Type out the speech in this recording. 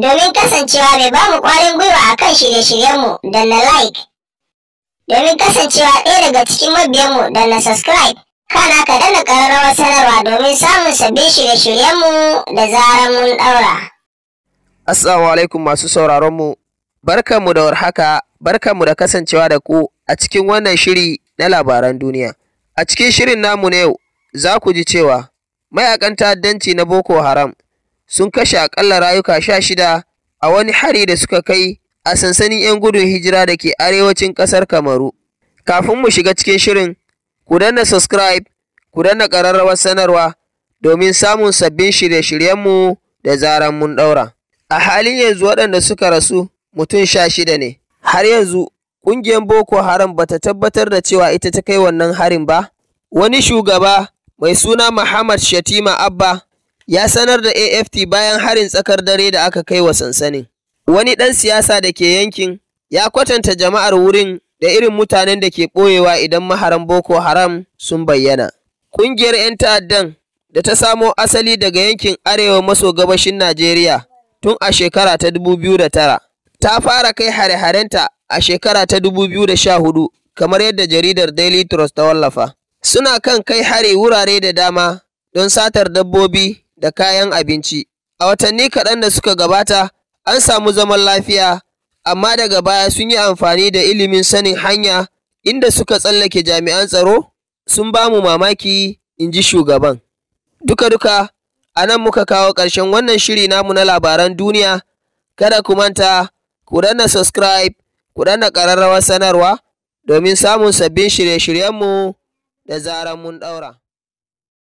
domin kasancewa mai bamu kwarin gwiwa a kan shirye-shiryenmu da na like. Domin kasancewa ɗaya daga cikin mabiyanmu da na subscribe, kana ka dana ƙararrawar sanarwa domin samun sabbin shirye-shiryenmu da zarar mun ɗaura. Assalamu alaikum masu sauraronmu, barkanmu da warhaka, barkanmu da kasancewa da ku a cikin wannan shiri na labaran duniya. A cikin shirin namu na yau, za ku ji cewa mayakan ta'addanci na Boko Haram sun kashe akalla rayuka sha shida a wani hari da suka kai a sansanin 'yan gudun hijira da ke arewacin ƙasar Kamaru. Kafin mu shiga cikin shirin, ku danna subscribe, ku danna ƙararrawar sanarwa domin samun sabbin shirye-shiryenmu da zaran mun ɗaura. A halin yanzu waɗanda suka rasu mutum sha shida ne. Har yanzu ƙungiyar Boko Haram bata tabbatar da cewa ita ta kai wannan harin ba. Wani shugaba mai suna Muhammad Shatima Abba ya sanar da AFT bayan harin tsakar dare da aka kai wa sansanin. Wani ɗan siyasa da ke yankin ya kwatanta jama'ar wurin da irin mutanen da ke ɓoyewa idan maharan Boko Haram sun bayyana. Ƙungiyar 'yan ta'addan da ta samo asali daga yankin arewa maso gabashin Najeriya tun a shekara ta 2009 ta fara kai hare-harenta a shekara ta 2014 kamar yadda jaridar Daily Trust ta wallafa. Suna kan kai hare wurare da dama don satar dabbobi da kayan abinci. A watanni kaɗan da suka gabata, an samu zaman lafiya, amma daga baya sun yi amfani da ilimin sanin hanya inda suka tsallake jami'an tsaro sun ba mu mamaki, in ji shugaban. Duka-duka, a nan muka kawo ƙarshen wannan shiri namu na labaran duniya, kada ku manta, ku danna subscribe, ku danna ƙararrawar sanarwa domin samun sabbin shirye-shiryenmu da zarar mun ɗaura.